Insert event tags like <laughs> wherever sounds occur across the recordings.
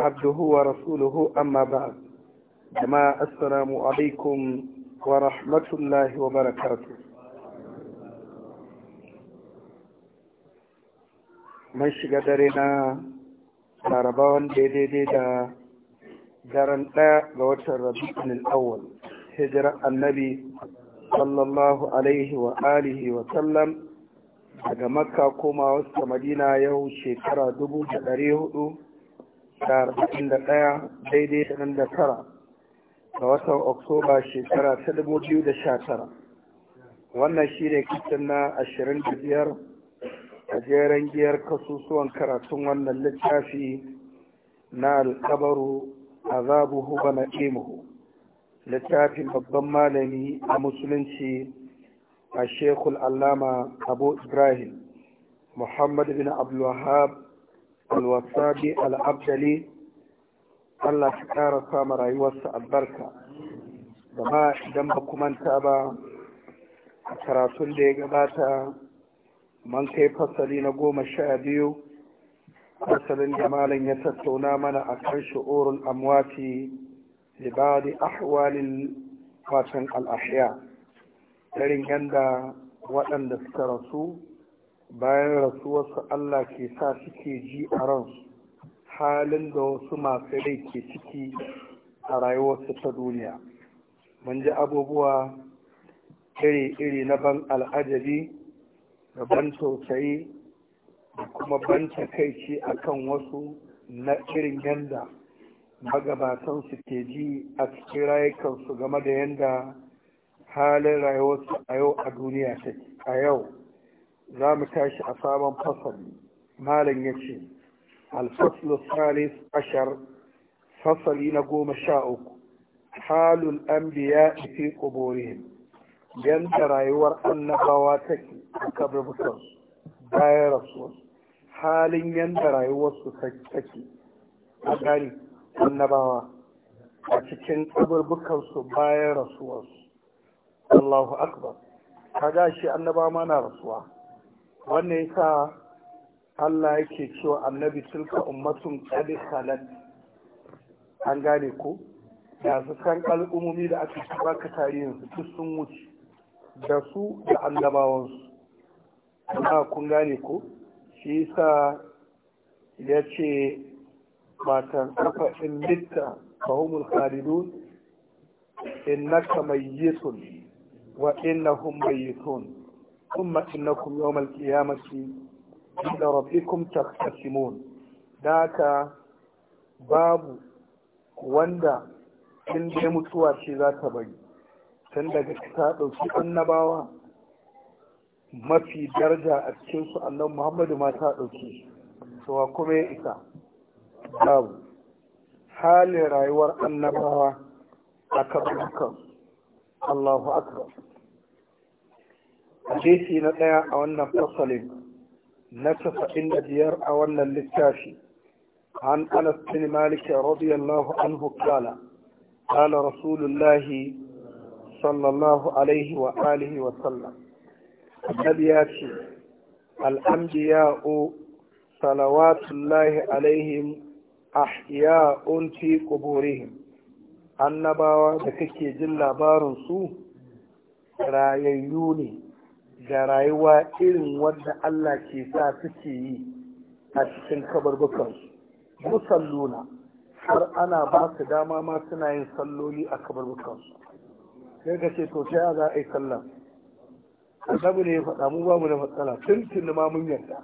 عبده ورسوله أما بعد جماعة السلام عليكم ورحمة الله وبركاته من شقدرنا ربان ديدي ديدا daren ɗaya ga watan rabi'in al'awwal hijira, annabi sallallahu alaihi wa alihi wa sallam daga makka koma wasu madina yau shekara dubu da ɗari hudu da arba'in da ɗaya daidai ashirin da tara ga watan oktoba shekara ta dubu biyu da sha tara wannan shi ne kitin na ashirin da biyar a jeren giyar kasusuwan karatun wannan littafi na alkabaru azabuhu wa na'imuhu littafin babban malami a musulunci a shekul allama abu ibrahim muhammad bin abdulwahab alwasabi al'abdali Allah ta ƙara sama rayuwarsa albarka gama ma idan ba manta ba a karatun da ya gabata man kai fasali na goma sha biyu fasalin da malam ya tattauna mana a kan shi'urul amwati libadi ahwalin watan al'ahya. irin yanda waɗanda suka rasu bayan rasuwarsu Allah ke sa suke ji a ransu halin da wasu masu rai ke ciki a rayuwarsu ta duniya mun ji abubuwa iri-iri na ban al'ajabi da ban tausayi da kuma ban takaici a kan wasu na irin yanda su ke ji a cikin rayukansu game da yanda halin rayuwarsu a yau a duniya take a yau za mu tashi a sabon fasali malam ya ce alfaslu salis ashar fasali na goma sha uku halul biya fi quburihim yanda rayuwar annabawa take a kaburbukan bayan rasuwar halin yanda rayuwarsu take a gani annabawa a cikin kaburbukansu bayan rasuwarsu Allahu akbar kaga shi annaba ma na rasuwa wannan sa Allah yake cewa annabi tilka ummatun qad khalat an gane ko da su san kalumumi da aka ci baka tarihin su sun wuce da su da annabawansu amma kun gane ko shi yasa ya ce matan kafa in litta fahimul khalidun innaka mayyitun wa innahum mayyitun ثم إنكم يوم القيامة عند ربكم تختصمون ذاك باب وندا in dai mutuwa ce za ta bari tun daga ta ɗauki annabawa mafi daraja a cikinsu annan muhammadu ma ta ɗauki wa kuma ya isa babu halin rayuwar annabawa a kabarukan allahu akbar hadisi na ɗaya a wannan fasalin na tasa'in da biyar a wannan littafi an anas bin malik radiyallahu anhu qala qala rasulullah sallallahu alaihi wa alihi wa sallam annabi ya ce al'amdiya'u salawatullahi alaihim ahya'un fi quburihim annabawa da kake jin labarin su rayayyu ne ga rayuwa irin wadda Allah ke sa suke yi a cikin kabarbukansu musalluna har ana ba su dama ma suna yin salloli a kabarbukansu sai ka ce to sai za a yi sallan. annabi ne ya faɗa mu ba mu da matsala tun tun ma mun yarda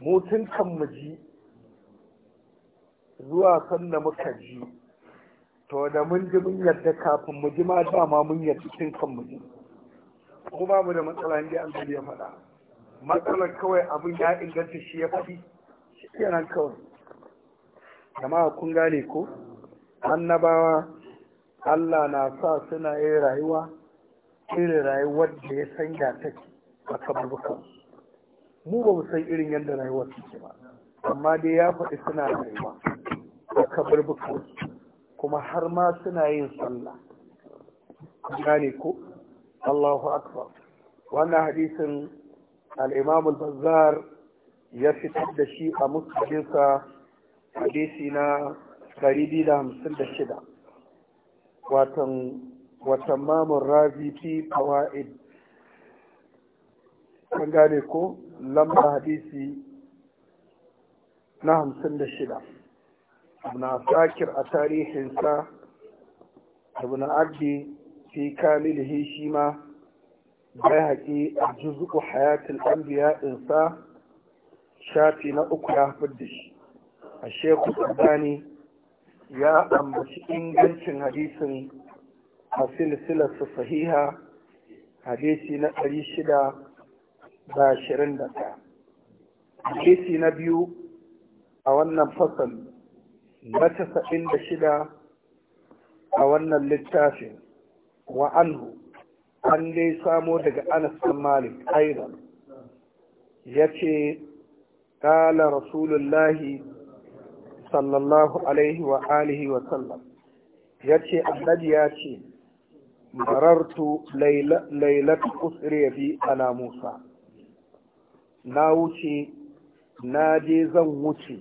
mu tun kan mu ji zuwa sanda muka ji to da mun ji mun yarda kafin mu ji ma dama mun yarda tun kan mu ji ko babu da matsala inda an ya faɗa matsalar kawai abin ya inganta shi ya faɗi shi kenan kawai jama'a kun gane ko annabawa Allah na sa suna yin rayuwa irin rayuwar da ya san ya take a kaburbukan mu ba mu san irin yadda rayuwar ke ba amma dai ya faɗi suna rayuwa a kaburbukan kuma har ma suna yin sallah gane ko Allahu akbar wannan hadisin al-Imam bazzar ya fitar da shi a musnadinsa hadisi na 256 watan watan mamun razi fi fawaid kan gane ko lamba hadisi na 56 Na sakir a tarihinsa ibn abdi fi kamilihi shi ma bai haƙi a juzuku an biya insa shafi na uku ya haifar da shi a shekul tsakani ya ambaci ingancin hadisin a silsilarsa sahiha hadisi na ɗari shida da ashirin da ɗaya hadisi na biyu a wannan fasal na casa'in da shida a wannan littafin wa anhu an dai samo daga anas bin malik ce, yace qala rasulullahi sallallahu alaihi wa alihi wa sallam ya ce, annabi ya ce marartu lailat usri bi ala musa na wuce na je zan wuce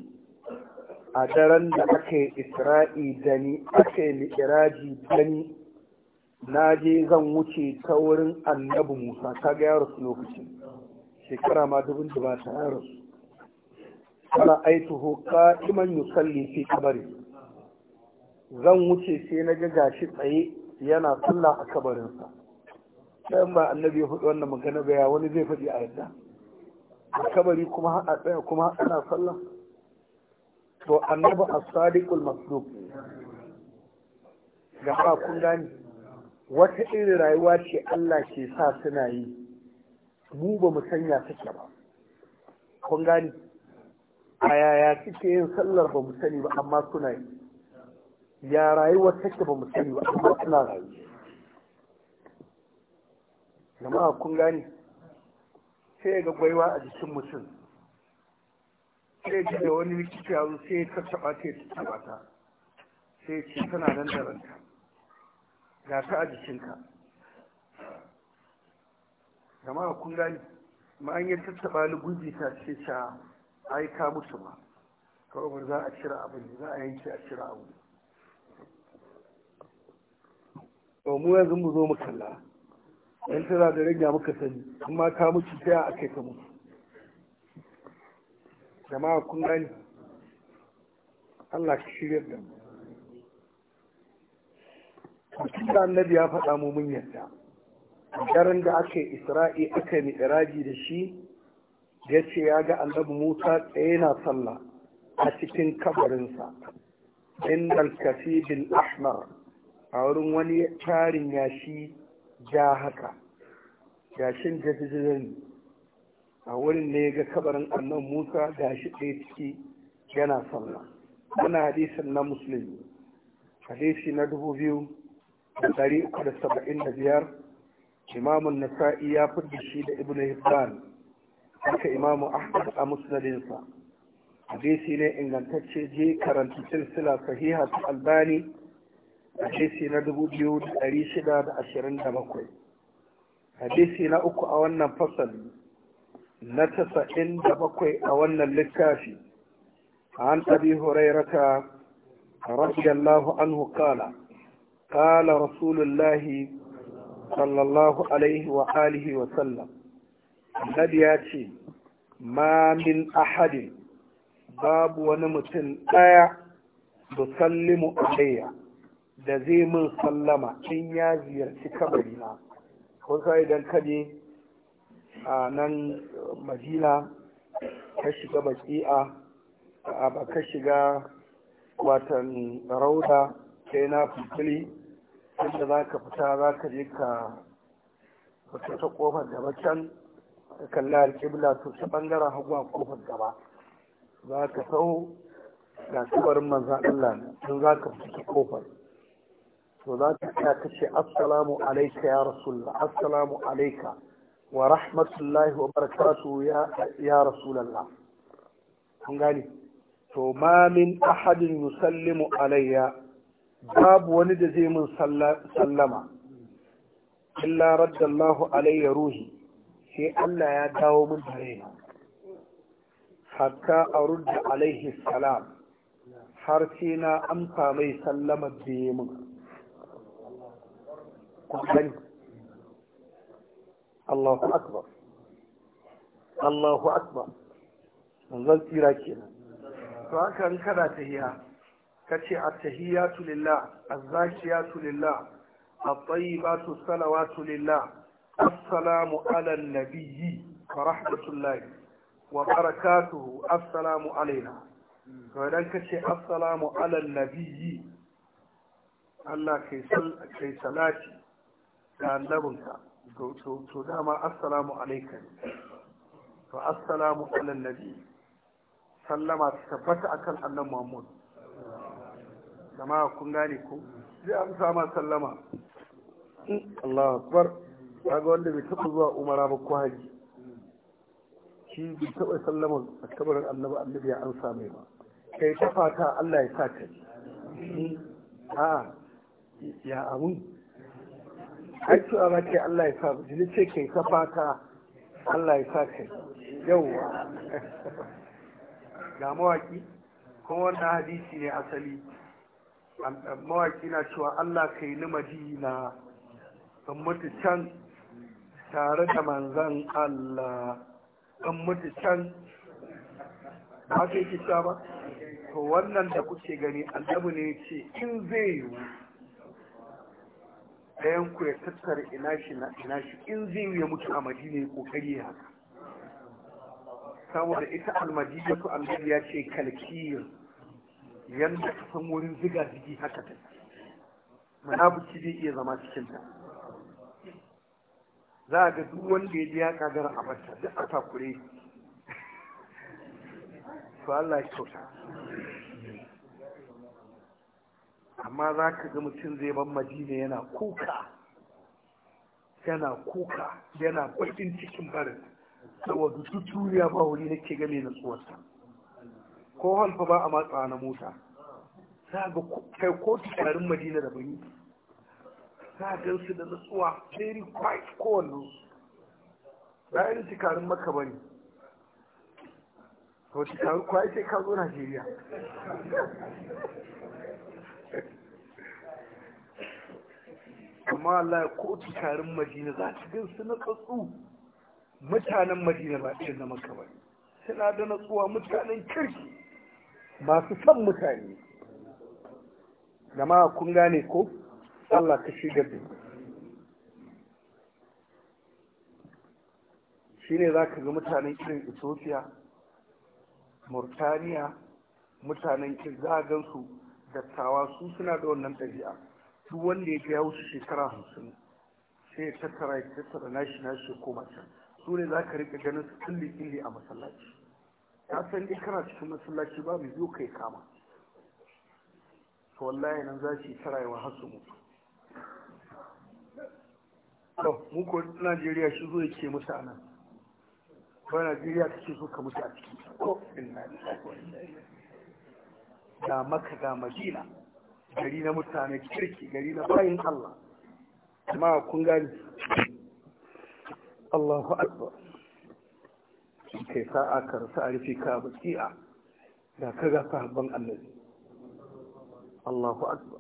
a daren da aka yi isra'i dani aka yi li'iraji da na je zan wuce ta wurin annabi musa ta ga yaro su lokacin shekara ma dubin da ba ta yaro su ana aituhu iman yusalli fi kabari zan wuce sai na ga gashi tsaye yana sallah a kabarinsa sai ba annabi ya faɗi wannan magana ba ya wani zai faɗi a yadda a kabari kuma a tsaya kuma ana sallah to annabi as-sadiqul masduq gaba kun gani wata irin rayuwa ce Allah ke sa suna yi mu ba mu sanya take ba kun gani a yaya suke yin sallar ba mu sani ba amma suna yi ya rayuwar take ba mu sani ba amma suna rayu jama'a kun gani sai ga gwaiwa a jikin mutum sai ga da wani rikici yaro sai ya tattaɓa ta ya tattaɓa ta sai ce tana nan da ranta ga ta a jikinka gama kun gani ma an yi tattaba lugubi ta ce ta aika musu ma kawai za a cira abin za a yanke a cira abu mu yanzu mu zo mu kalla yan tana da rage muka sani amma ka mutu ta a kai ka mutu jama'a kun gani Allah ka shirya da mu da annabi ya faɗa mu mun yarda daren da aka yi isra'i aka yi mi'raji da shi ya ce ya ga annabi musa tsaye na sallah a cikin kabarinsa inda alkafi bil ahmar a wurin wani tarin yashi ja haka yashin jajijirin a wurin ne ga kabarin annan musa gashi ɗaya ciki yana sallah wani hadisin na musulmi hadisi na dubu biyu da ɗari uku da saba'in da biyar imamun nasa'i ya fi shi da ibn hibban haka imamu ahmad a musnadinsa hadisi ne ingantacce je karanta silsila sahiha ta albani hadisi na dubu biyu da ɗari shida da ashirin da bakwai hadisi na uku a wannan fasali na tasa'in da bakwai a wannan littafi عن أبي raka رضي الله عنه قال قال رسول الله صلى الله عليه وآله وسلم النبي ياتي ما من أحد باب ونمتن آية تسلم علي da zai min sallama in ya ziyarci kabarina kun sai idan ka je a nan madina ka shiga baki'a a ba ka shiga watan rauda sai na fitili inda za ka fita za ka je ka fita ta kofar gaba can ka kalla alƙibla to ta ɓangaren hagu a kofar gaba za ka sau ga tsibirin manzan Allah tun za ka fita ta kofar to za ka tsaya ka ce assalamu alaika ya rasulallah assalamu alaika wa rahmatullahi wa barakatu ya rasulallah. kun gani to ma min ahadin yusallimu alayya babu wani da zai mun sallama illa raddallahu alayya ruhi sai Allah ya dawo mun da raina hatta a rudda alaihi salam har sai na amsa mai sallama da yi mun Allahu akbar Allahu akbar zan tsira kenan to haka kada ta hiya kace at-tahiyatu lillah az-zakiyatu lillah at-tayyibatu salawatu lillah assalamu ala an-nabiyyi wa rahmatullahi wa barakatuhu assalamu alaina to idan kace assalamu ala an-nabiyyi Allah kai sal kai salati ga annabinka to to to sallama ta tabbata jama'a kun gane ko zai amsa ma sallama Allah akbar kaga wanda bai taɓa zuwa umara ba ko haji shi bai taɓa sallama a kabarin annabi annabi ya amsa mai ba kai ta fata Allah ya sa ka a ya amin ai cewa ba ke Allah ya sa jini ce kai ta fata Allah ya sa ka yauwa <laughs> ga mawaki kuma wannan hadisi ne asali mawaki na cewa Allah ka yi ni madina in mutu can tare da manzan Allah in mutu can ba ka yi ba to wannan da kuke gani annabi ne ce in zai yiwu ɗayan ku ya tattara ina shi na ina shi in zai yi ya mutu a madina ya kokari haka saboda ita almadina to annabi ya ce kalkiyar yanda ta san wurin ziga zigi haka ta munafiki zai iya zama cikin ta za a ga duk wanda ya ji ya kagara a bata duk a takure to Allah ya kyauta amma za ka ga mutum zai ban madina yana kuka yana kuka yana kwaɗin cikin barin saboda duk duniya ba wuri nake game na tsuwarsa ko halfa ba a matsa na mota za ga kai ko tsarin madina da bani za ga su da nutsuwa very quiet ko kowanne ba yi tikarin maka bani to tikarin kwaye sai ka zo najeriya amma Allah ko tikarin madina za ta gan su na tsatsu mutanen madina ba irin na maka bani suna da nutsuwa mutanen kirki masu san mutane jama'a kun gane ko Allah ka shigar da shi ne za ka ga mutanen irin ethiopia murtaniya mutanen gansu? dattawa su suna da wannan ɗabi'a duk wanda ya biya wasu shekara hamsin sai ya tattara ya tattara nashi nashi ko mace su ne za ka rika ganin su kulli a masallaci ya san dai kana cikin masallaci ba mu zo kai kama to wallahi nan za shi yi ta rayuwa har su mutu to mu ko Najeriya shi zo yake musu anan ba Najeriya take so ka musu a ciki ko inna Da maka ga Madina gari na mutane kirki gari na bayin Allah amma kun gani Allahu akbar kai sa'a ka rasu a rufe ka tsi'a da ka ga sahabban annabi Allahu akbar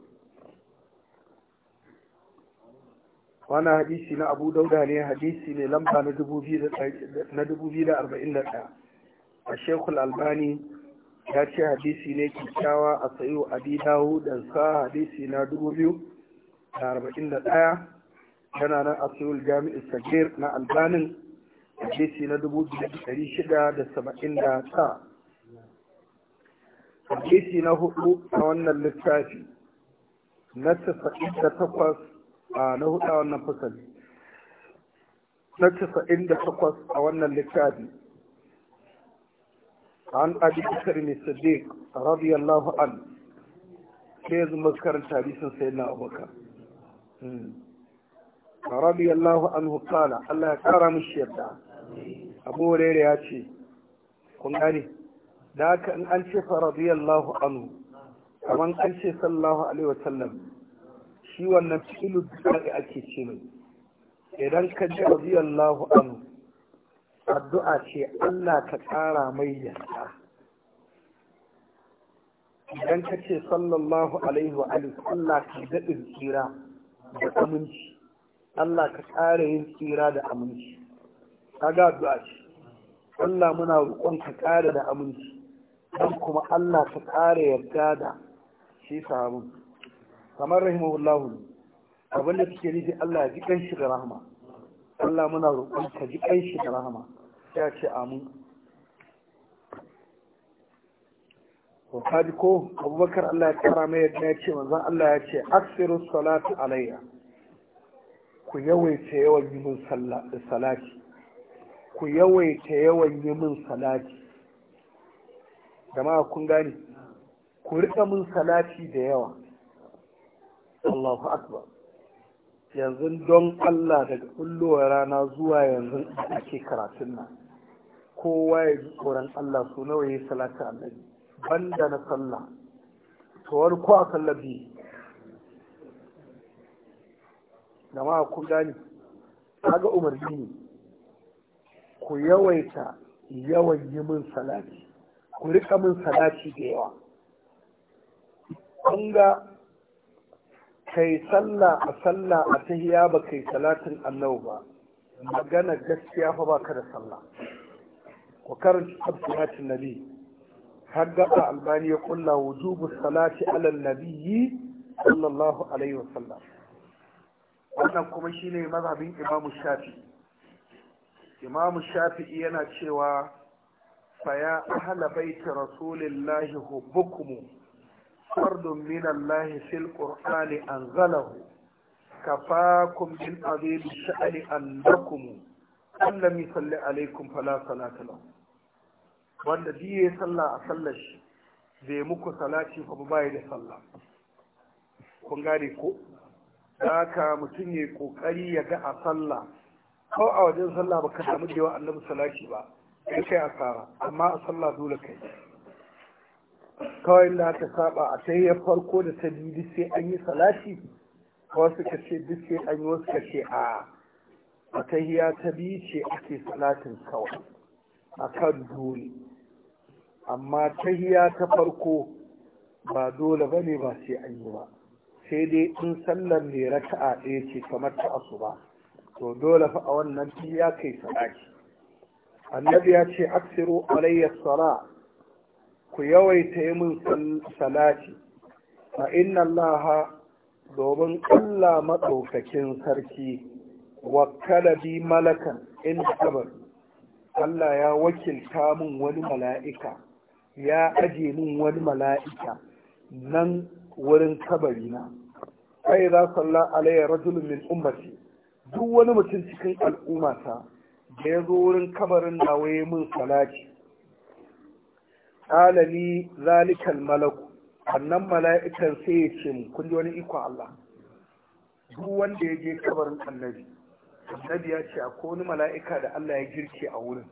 wannan hadisi na Abu Dauda ne hadisi ne lamba na 2041 a al Albani ya ce hadisi ne kyakkyawa a sayo Abi Dawud da sa hadisi na 2041 yana nan a sayo Jami'ul Sagir na Albanin hadisi na dubu biyu da ɗari shida da saba'in da ta hadisi na hudu a wannan littafi na tasa'in da takwas na hudu a wannan fasali na tasa'in da takwas a wannan littafi عن أبي بكر الصديق رضي الله عنه كيز مذكر الحديث سيدنا أبو بكر an الله hmm. Allah ya الله كرم الشيطان abu huraira ya ce kun gane da aka in an ce faradiyallahu anu, anhu kaman an ce sallallahu alaihi wasallam shi wannan filu da ake ce mai idan ka ji radiyallahu anhu addu'a ce Allah ka ƙara mai yarda idan ka ce sallallahu alaihi wa sallam, Allah ka daɗin tsira da aminci Allah ka ƙara yin tsira da aminci kaga addu'a ce Allah muna roƙon ka ƙara da aminci dan kuma Allah ka ƙara yarda da shi sahabin kamar rahimahullahu abin da suke nufi Allah ji kan shi da rahama Allah muna roƙon ka ji kan shi da rahama ya ce amin wa kaji ko abubakar Allah ya kara mai yadda ya ce manzon Allah ya ce aksiru salatu alayya ku yawaita yawan yi min salati ku yawaita yawan yi min salati jama'a kun gane ku riƙa min salati da yawa Allahu akbar yanzu don Allah daga kullowar rana zuwa yanzu ake karatun nan kowa ya ji tsoron Allah su nawa ya salati annabi banda na sallah wani ko a sallabi jama'a kun gane kaga umarni ne ku yawaita yawan yi min salati ku rika min salati da yawa An ga kai sallah a sallah a ta tahiya ba kai salatin annau ba magana gaskiya fa ba ka da sallah ku karanta salatin nabi har albani ya kulla wujubu salati ala nabiyyi sallallahu alaihi wasallam wannan kuma shine mazhabin imamu shafi'i imam shafi'i yana cewa faya ahla baiti rasulillahi hubbukum fardun min allahi fil qur'ani anzalahu kafakum bin azim sha'ani annakum an lam yusalli alaikum fala salata lahu wanda ya salla a sallar shi bai muku salati fa ba da salla. kun gane ko haka mutum ya kokari ya ga a sallah ko a wajen sallah baka samu da yawa annabi salati ba kai kai asara amma a sallah dole kai kawai da aka saba a ta yi farko da ta biyu sai an yi salati wasu ka ce duk sai an yi wasu ka ce a a ta hiya ta biyu ce ake salatin kawai a kan dole amma ta hiya ta farko ba dole ba ne ba sai an yi ba sai dai in sallar ne raka'a ɗaya ce kamar ta asuba to dole fa a wannan ya kai sadaki annabi ya ce aksiru alayya sala ku yawaita yi min salati fa inna Allah domin Allah maɗaukakin sarki kala bi malakan in kabar Allah ya wakilta min wani mala'ika ya aje min wani mala'ika nan wurin kabari na ai za salla alayya rajulun min ummati duk wani mutum cikin al'ummata da ya zo wurin kabarin waye min salati alali zalikal malaku annan mala'ikan sai ya ce mu kun ji wani iko Allah duk wanda ya je kabarin annabi annabi ya ce akwai wani mala'ika da Allah ya girke a wurin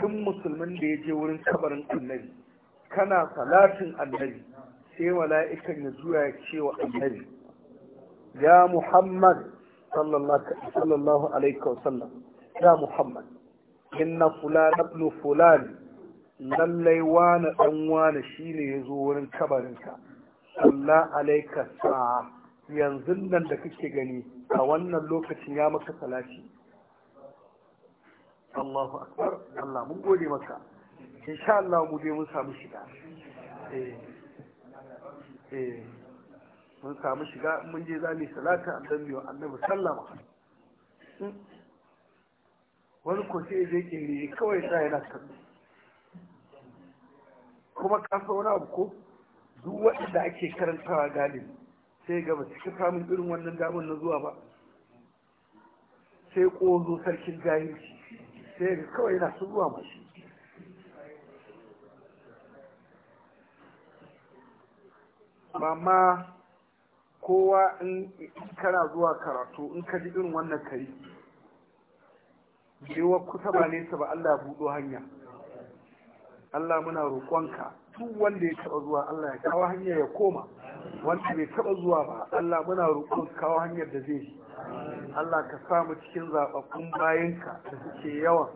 duk musulmin da ya je wurin kabarin annabi kana salatin annabi sai mala'ikan ya zuwa ya ce wa annabi ya muhammad sallallahu alaihi wasallam ya muhammad inna fulan ibn fulan lallai wani dan wani shine yazo wurin kabarinka salla alaika sa'a yanzu nan da kake gani a wannan lokacin ya maka salati Allahu akbar Allah mun gode maka insha Allah mu je mun samu shiga eh eh mun samu shiga mun je za mu salata annabi wa annabi sallama hmm. wani ko sai zai kiri kawai sa yana kallo kuma ka wani abu ko duk waɗanda ake karantawa galibi sai gaba cika samun irin wannan damar na zuwa ba sai ƙozo sarkin jahilci sai ga kawai yana su zuwa mashi amma kowa in kana zuwa karatu in ka ji irin wannan kari jewa kusa ba nesa ba Allah buɗo hanya Allah muna roƙonka duk wanda ya taɓa zuwa Allah ya kawo hanya ya koma wanda bai taɓa zuwa ba Allah muna roƙon kawo hanyar da zai Allah ka samu cikin zaɓaɓɓun bayanka da suke yawan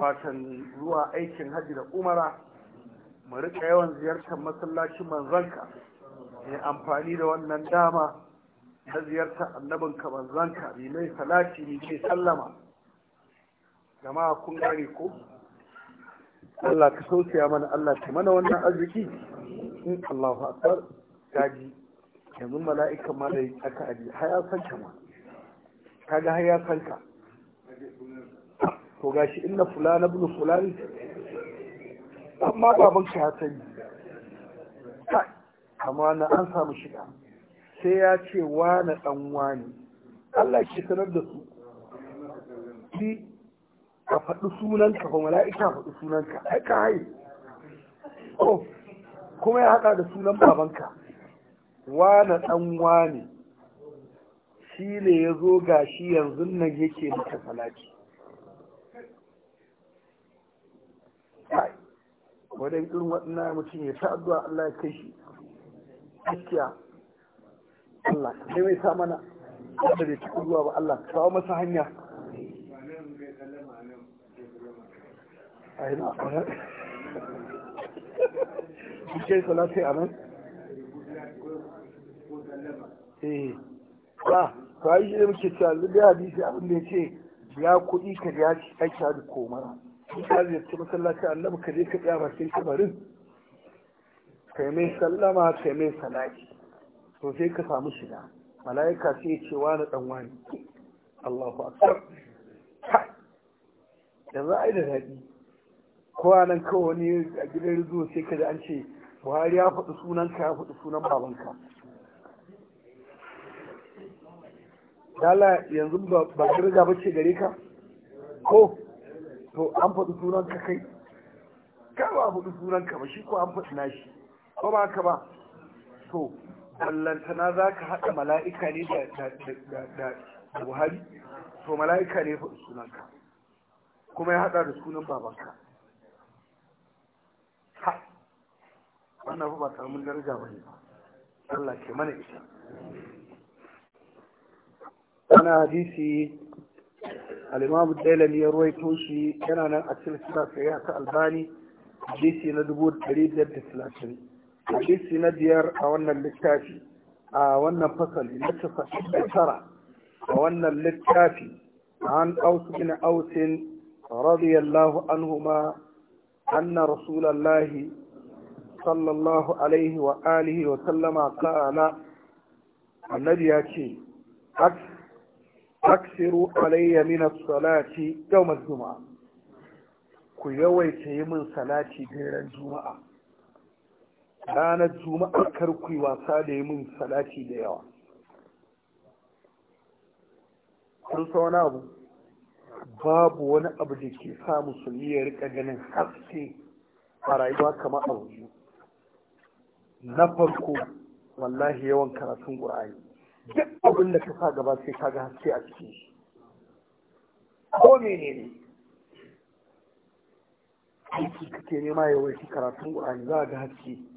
fatan zuwa aikin hajji da umara mu riƙa yawan ziyartar masallacin manzanka ya amfani da wannan dama na ziyarta annabin kamanzanka mai mai salati ne ke sallama jama'a kun gane ko Allah ka sauciya mana Allah ta mana wannan arziki in Allah akbar gaji yanzu mala'ikan ma da ya tsaka aji har ya san ka ma kaga har ya san ka to gashi inna fulana ibn fulani amma baban ka ya sani amma na an samu shiga sai ya ce na dan wani Allah ke sanar da su ki ka faɗi sunanka ba mala'ika faɗi sunanka ai ka haye oh, kuma ya haɗa da sunan babanka na dan wani shi ne ya zo gashi yanzu nan yake maka salaki wadda irin waɗannan mutum ya ta addu'a Allah ya kai shi gaskiya Allah ka mai sa mana wanda bai cikin ruwa ba Allah ka kawo masa hanya a na kwanar Bishe salati a nan? Eh, ba, ba yi da ke cewa da hadisi abin da ya ce ya kuɗi ka ya ci aiki da komara. Ita zai ce masallaci Allah ka je ka tsaya ba sai kabarin. kai mai sallama kai mai salati to sai ka samu shiga mala'ika sai ya ce wani dan wani Allahu akbar yanzu ai da daɗi kowa nan kawai wani a gidan rizo sai ka ji an ce buhari ya faɗi sunanka ya faɗi sunan babanka dala yanzu ba garga ba ce gare ka ko to an faɗi sunanka kai kai ba faɗi sunanka ba shi ko an faɗi nashi ko ba haka ba to ballantana za ka haɗa mala'ika ne da buhari to mala'ika ne faɗi sunanka kuma ya haɗa da sunan babanka ha wannan ba samun daraja ba ne ba Allah ke mana ita Ana hadisi alimamu ne ya ruwaito shi yana nan a cikin sura sai ta albani hadisi na dubu ɗari da talatin hadisi na biyar a wannan littafi a wannan fasali na tasa'in da tara a wannan littafi an ausu bin ausin radiyallahu anhuma anna rasulallahi sallallahu alaihi wa alihi wa sallama qala annabi ya ce aksiru alayya min as-salati yawm az-jum'a ku yawaita yi min salati daren juma'a ranar juma'a kar wasa da yi min salati da yawa kun wani abu babu wani abu da ke sa musulmi ya rika ganin haske a rayuwa kamar a biyu na farko wallahi yawan karatun ƙur'ani duk abin da ka sa gaba sai ka ga haske a cikin shi ko menene aiki kake nema ya karatun ƙur'ani za a ga haske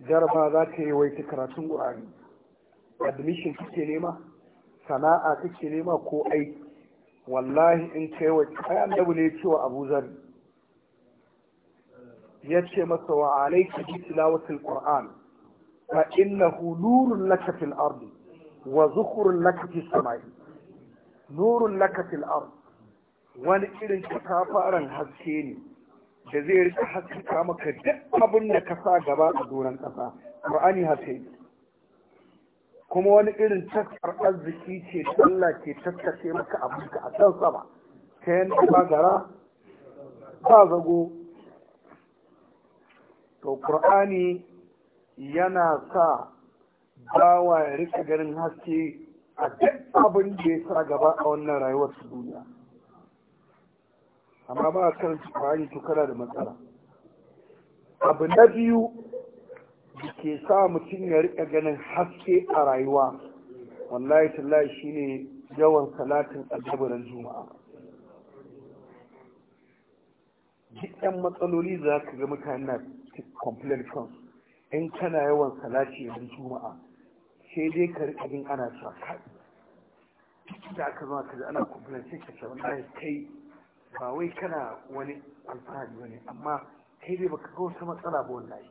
jaraba za ka yawaita karatun ƙur'ani admission kake nema sana'a kake nema ko aiki wallahi in kai wa kai annabi ne wa Abu Zar yace masa wa alayka bi tilawatil Qur'an fa innahu nurun laka fil ard wa zukhrun laka fis samai nurun laka fil ard wani irin fara haske ne da zai rika haskaka maka duk abin da ka sa gaba a doron ƙasa ƙur'ani haka yi kuma wani irin tattar arziki ce da Allah ke tattace maka abin ka a can sama ta yanda ba gara ba zago to ƙur'ani yana sa bawa ya rika ganin haske a duk abin da ya sa gaba a wannan rayuwar duniya amma ba a karanta ƙwari to kana da matsala abu na biyu da ke sa mutum ya riƙa ganin haske a rayuwa wallahi tallahi shine yawan salatin aljabaran juma'a duk yan matsaloli za ka ga mutane na complain kansu in kana yawan salati a juma'a sai dai ka riƙa jin ana sa kai da aka zama ka ana complain sai ka ce ɗaya kai ba wai kana wani alfahari wani amma kai dai baka kawo sama matsala ba wallahi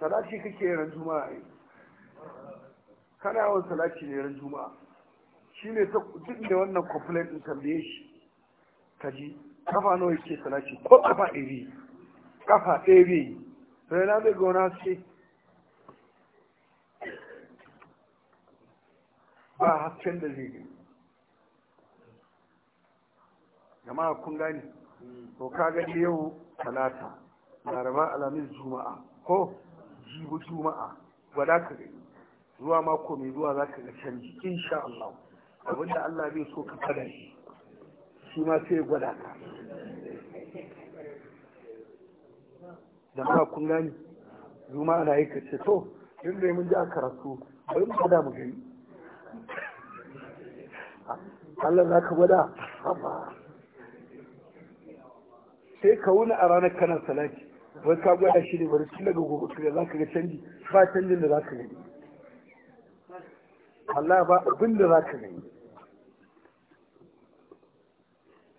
salati kake ran juma'a ai kana yawan salati ne ran juma'a shi ne duk da wannan complaint din tambaye shi kaji kafa nawa yake salati ko kafa ɗaya kafa ɗaya bai sai na zai gona ce ba hasken da zai yi. jama'a kun gani to ka gani yau talata laraba alamis juma'a ko Jibu, juma'a gwada ka gani zuwa mako mai zuwa za ka ga canji insha Allah abinda Allah bai so ka fada shi shi ma sai gwada ka jama'a kun gani juma'a na yi ka ce to in da mun ji a karatu bari mu gwada mu gani <laughs> Allah za ka gwada sai ka wuni a ranar kanan salati wani ka gwada shi ne wani tun daga gobe kuma za ka ga canji ba canjin da za ka gani Allah ba abin da za ka gani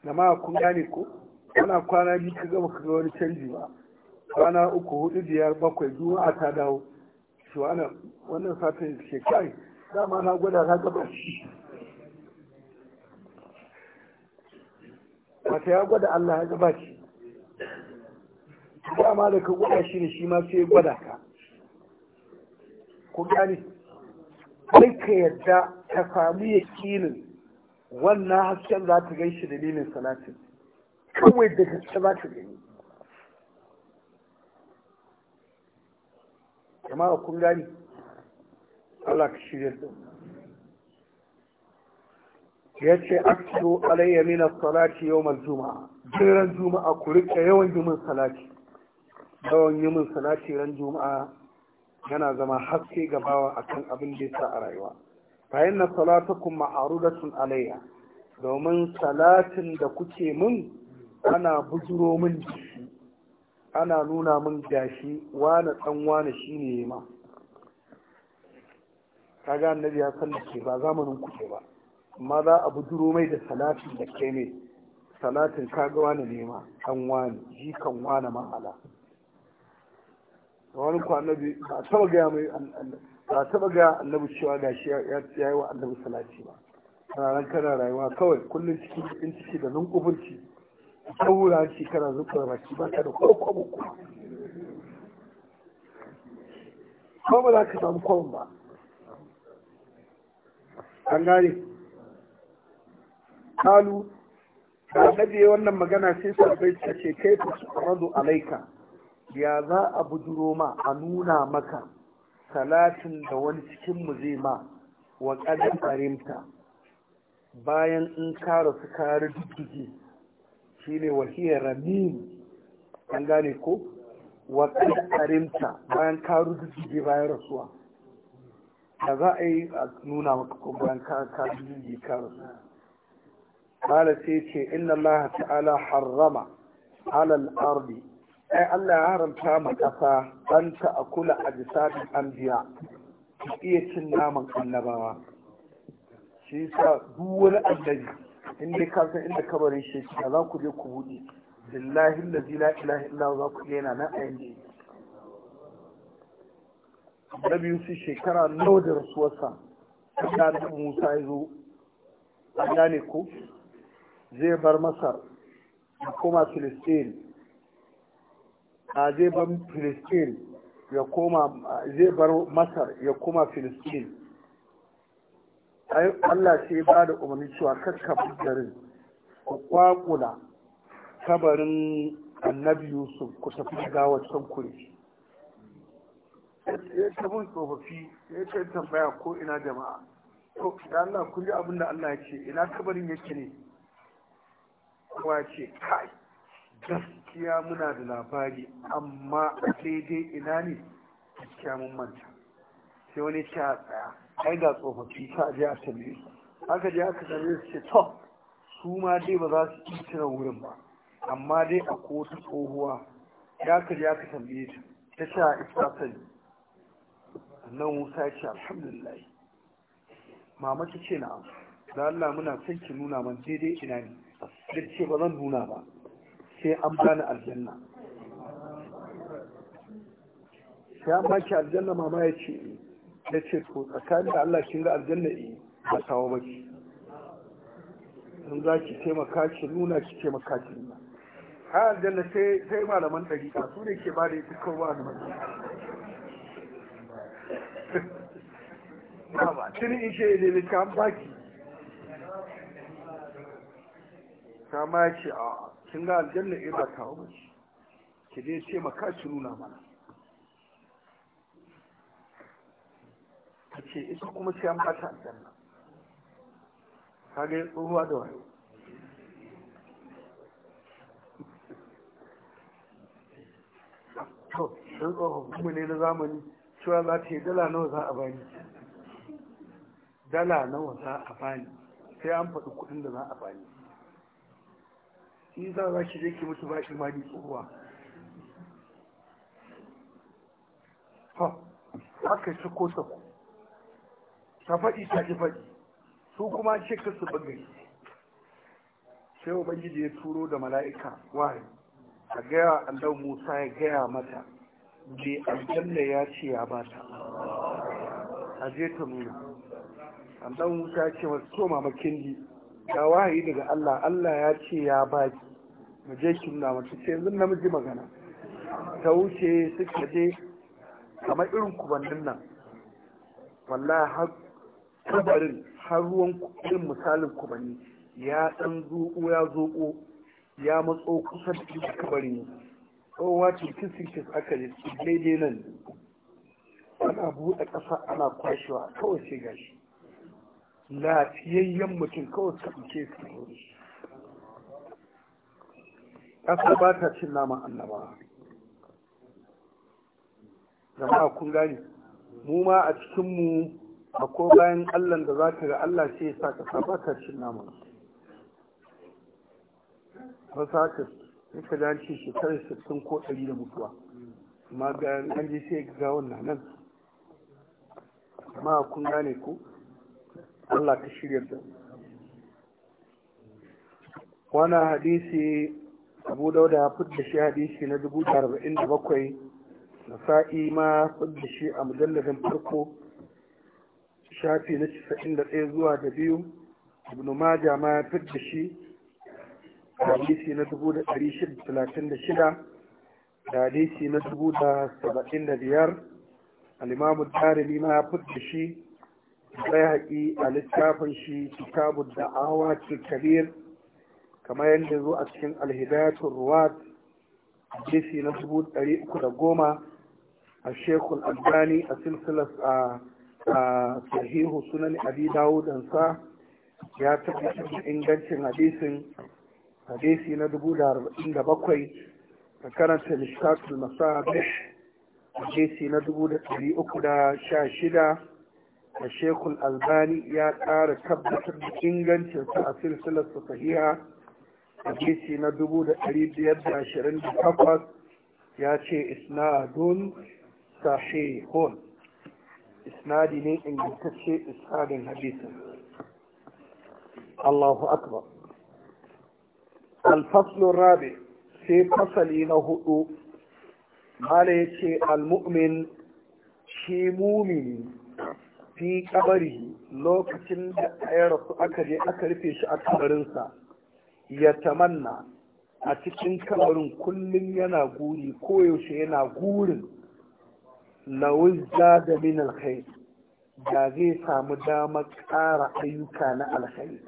ma kun gane ko ana kwana biyu ka gama ka ga wani canji ba kwana uku hudu biyar bakwai a ta dawo shi wannan satin shekari dama na gwada na gaba shi Mata ya gwada Allah ya gaba shi dama da ka gwada shi ne shi ma sai gwada ka ku gani sai ka yadda ka samu yakinin wannan hasken za ta gan shi dalilin salatin kawai da gaske za ta gani jama'a kun gani Allah ka shirya da ya ce aksu alayya min as-salati yawm al Jin ran juma'a ku rika yawan yi min salati yawan yi min salati ran juma'a yana zama haske gabawa akan abin da yasa a rayuwa fa inna salatakum ma'rudatun alayya domin salatin da kuke min ana bujuro min shi ana nuna min gashi wani dan wani shine ma kaga annabi ya san da ke ba zamanin kuke ba amma za a buduro mai da salatin da ke ne salatin kagawa na nema kan wani jikan wani mahala da wani kwanabi ba taba ga mai ba taba ga annabi cewa gashi ya yi wa annabi salati ba ranar kana rayuwa kawai kullum cikin cikin ciki da nunkufurci ta wura shi kana zubar baki ba ka da kwakwabo ba za ka samu kwan ba an gane kalu da annabi wannan magana sai sahabbai suka ce kai fa su alaika ya za a buduro ma a nuna maka salatin da wani cikin mu zai ma wa kadin farimta bayan in kara su kare dukkuje shine wahiyar ramin an gane ko wa farimta bayan karu dukkuje bayan rasuwa da za a yi a nuna maka ko bayan karu dukkuje ka rasu ce قال سيتي إن الله تعالى حرم على الأرض أي الله يحرم تام a أن an أجساد الأنبياء iya cin naman annabawa shi yasa duk wani annabi dai ka san inda kabarin shi yake za ku je ku buɗe billahi allazi la ilaha illa za ku yana nan a yanzu annabi Yusuf shekara nawa da rasuwarsa ta da Musa ya zo an ne ko zai bar masar ya koma filistin zai bar filistin ya koma zai bar masar ya koma filistin Allah sai ba da umarni cewa kakka garin ku kwakula kabarin annabi yusuf ku tafi gawar wancan kuri ya tabin tsofaffi ya ce tambaya ko ina jama'a to da Allah kun ji abin Allah ya ce ina kabarin yake ne kowa ce kai gaskiya muna da labari amma daidai ina ne gaskiya mun manta sai wani ce a tsaya ai ga tsofaffi ta je a tambaye su aka je aka tambaye su ce to su ma dai ba za su iya wurin ba amma dai a kotu tsohuwa ya ka je aka tambaye ta ta ce a israfil nan musa ya ce alhamdulillah mama ta ce na'am da Allah muna son ki nuna man daidai ina ne da ce ba zan nuna ba sai an bani aljanna sai an baki aljanna mama ya ce ya ce to tsakanin da Allah kin ga aljanna eh ba kawo ba ki za ki taimaka ki nuna ki taimaka ki nuna har aljanna sai sai malaman ɗariƙa su ne ke ba da ita kowa da mutum ba ba tuni ce ne da kan baki ta ma ce a kin ga aljanna ina eh, kawo mace ki dai ce ka ci nuna mana ta ce ita kuma sai an bata aljanna ta ga tsohuwa da wayo to sun tsohon kuma ne na zamani cewa za ta yi dala nawa za a bani dala nawa za a bani sai an faɗi kuɗin da za a bani iza za ki je ki mutu ba shi ma bi tsohuwa ha haka shi ko ku ta faɗi ta ki faɗi su kuma ce ka su bangare sai ubangiji ya turo da mala'ika wahayi a gaya annabi musa ya gaya mata je aljanna ya ce ya ta a je ta nuna annabi musa ya ce masu so makindi ga wahayi daga allah allah ya ce ya baki mu je ki nuna ce yanzu namiji magana ta wuce suka je kamar irin kubannin nan wallahi har kubarin har ruwan irin misalin kubanni ya dan zuƙo ya zuƙo ya matso kusa da kabarin tsohuwa ce kisikis aka yi daidai nan ana buɗe ƙasa ana kwashewa kawai sai gashi lafiyayyen mutum kawai ka ɗauke su ƙasa ba ta cin naman annaba jama'a kun gani mu ma a cikinmu akwai bayan allah da za ka ga allah ce ya sa ƙasa ba ta cin naman wasu haka suka dace shekarar sittin ko ɗari da mutuwa amma ga an je sai ga wannan nan Jama'a kun gane ku Allah ka shirya da Wani hadisi abu dauda ya fidda shi hadisi na dubu na arba'in da bakwai ma fudda shi a mujalladin farko shafi na 91 da zuwa da biyu ibnu maja ma ya fudda shi hadisi na dubu da shida talatin da shida hadisi na dubu da saba'in da biyar alimamu darimi ma ya fudda shi bai haƙi a littafin shi kitabu da awa kabir kamar yadda zo a cikin alhidayatul ruwat hadisi na dubu ɗari uku da goma a shekul albani a silsilas a sahihu sunan abi dawudansa ya tabbatar da ingancin hadisin hadisi na dubu da arba'in da bakwai da karanta mishkatul masabih hadisi na dubu da ɗari uku da sha shida a shekul albani ya ƙara tabbatar da ingancinsa a silsilas sahiha hadisi na dubu da ɗari biyar da ashirin da takwas ya ce isnadun sahihun isnadi ne ingantacce isnadin hadisin Allahu akbar alfaslun rabi sai fasali na hudu mala ya ce almu'min shi mumini fi kabari lokacin da ya rasu aka je aka rufe shi a kabarinsa ya tamanna a cikin kamarin kullum yana guri koyaushe yana gurin wuzza da min alkhair da zai samu damar ƙara ayyuka na alkhair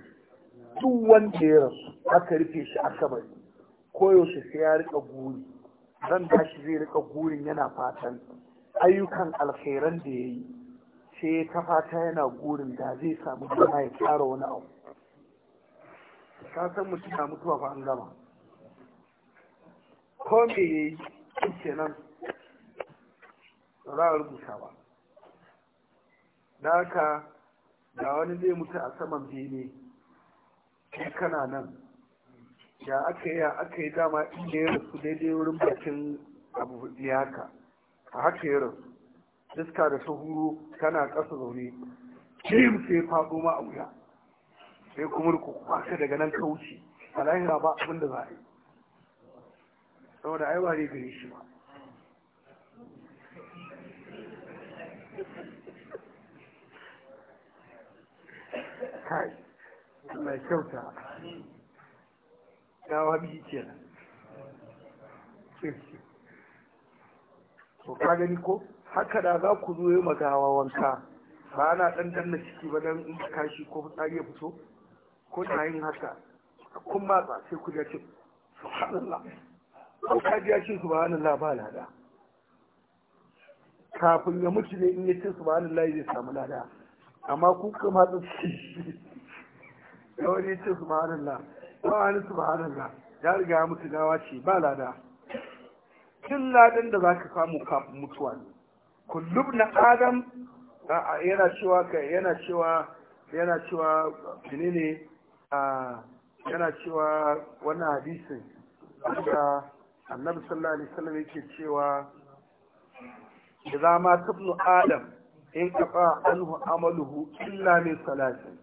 duk wanda ya rasu aka rufe shi a koyaushe sai ya rika guri zan tashi zai rika gurin yana fatan ayyukan alkhairan da ya yi sai ta fata yana gurin da zai samu dama ya ƙara wani abu ka san mutum na mutuwa fa an gama ko me yayi kenan ba za a rubuta ba da haka da wani zai mutu a saman bene kai kana nan ya aka yi aka yi dama inda ya rasu daidai wurin bakin abu haka a haka ya rasu Diska da huru kana ƙasa zaune kim sai faɗo ma a wuya sai kuma ku kwasa daga nan ka wuce a lahira ba abin da za a yi saboda ai wari gare shi ba kai kyauta ya kyauta gawa biyu kenan to ka gani ko haka da za ku zo yi magawa wanka ba na ɗan danna ciki ba don in kashi ko fitsari ya fito ta yin haka kun matsa sai ku ga cin subhanallah ko ka ji cin subhanallah ba lada kafin ya mutu ne in ya ce subhanallah zai samu lada amma ku ka matsa shi <laughs> da wani ce subhanallah ba wani subhanallah ya riga ya mutu gawa ce ba lada cin ladan da za ka samu kafin mutuwa ne kullum na adam yana cewa yana cewa yana cewa ne yana cewa wannan hadisin da annabi sallallahu alaihi wasallam yake cewa idza ma tabnu adam in kafa anhu amaluhu illa min salatin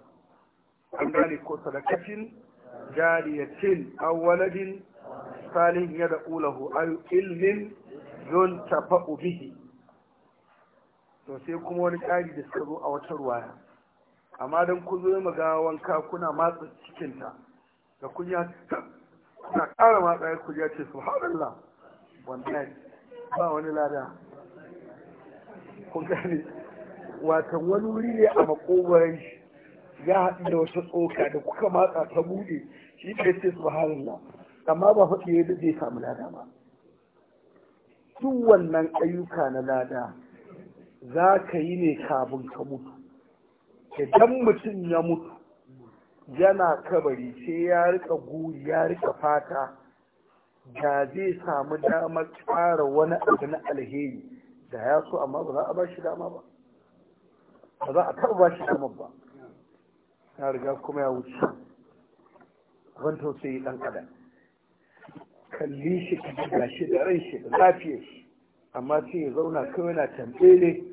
an gane ko sadakatin jariyatin aw waladin salih da ulahu ay ilmin tafa'u bihi to sai kuma wani ƙari da suka zo a wata ruwaya amma don kun zo mu ga wanka kuna matsa cikinta da kun ya kuna ƙara matsa ya kuya ce subhanallah wannan ba wani lada kun gani watan wani wuri ne a makogoron shi ya haɗu da wata tsoka da kuka matsa ta buɗe shi ne ce subhanallah amma ba faɗi yadda zai samu lada ba duk wannan ayyuka na lada za ka yi ne kafin ka mutu idan mutum ya mutu yana kabari sai ya rika guri ya rika fata da zai samu damar tsara wani abu na alheri da ya so amma ba za a ba shi dama ba ba za a taɓa ba shi dama ba ya riga kuma ya wuce ban tausayi dan adam kalli shi ka gashi da ran shi da lafiyar shi amma sai ya zauna kawai na tambaye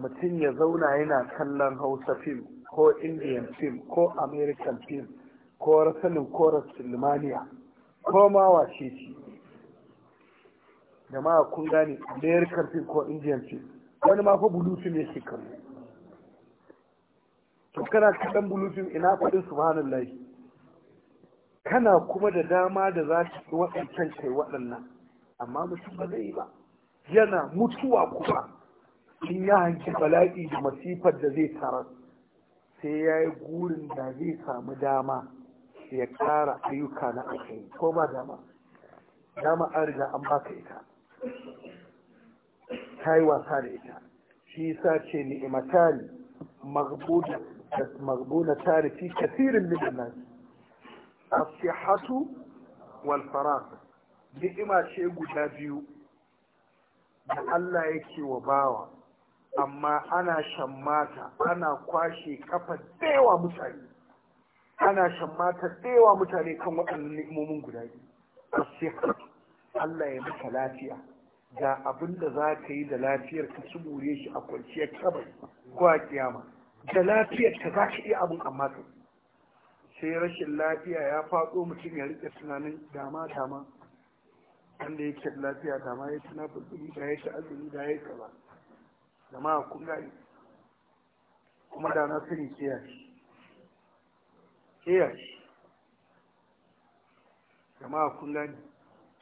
mutum ya zauna yana kallon hausa fim ko indian fim ko american fim ko rasanin koras silmaniya ko ma wace ce jama'a kun gane american fim ko indian fim wani ma fa bulu fim yake kallo to kana kallon bulu fim ina faɗin subhanallahi kana kuma da dama da za ka yi waɗancan kai waɗannan amma mutum ba zai yi ba yana mutuwa kuma in ya hanki bala'i da masifar da zai tarar sai ya yi gurin da zai samu dama ya ƙara ayyuka na alkhairi ko ba dama dama an riga an baka ita ta yi wasa da ita shi yasa ce ni'imatani maghbuna tarifi kasirin min nas wal faragh ni'ima ce guda biyu da Allah yake wa bawa amma ana shammata ana kwashe kafa daewa mutane ana shammata daewa mutane kan waɗannan ni'imomin guda biyu Allah ya maka lafiya ga abin da za ka yi da lafiyar ka tsubure shi a kwanciyar kabari ko a kiyama da lafiyar ka za ka iya abin amma ka sai rashin lafiya ya faɗo mutum ya riƙe tunanin dama dama wanda yake lafiya dama ya tuna fulfuli da ya ta azumi da ya kaba jama'a kun gani kuma da na sani kiyaye kiyaye jama'a kun gani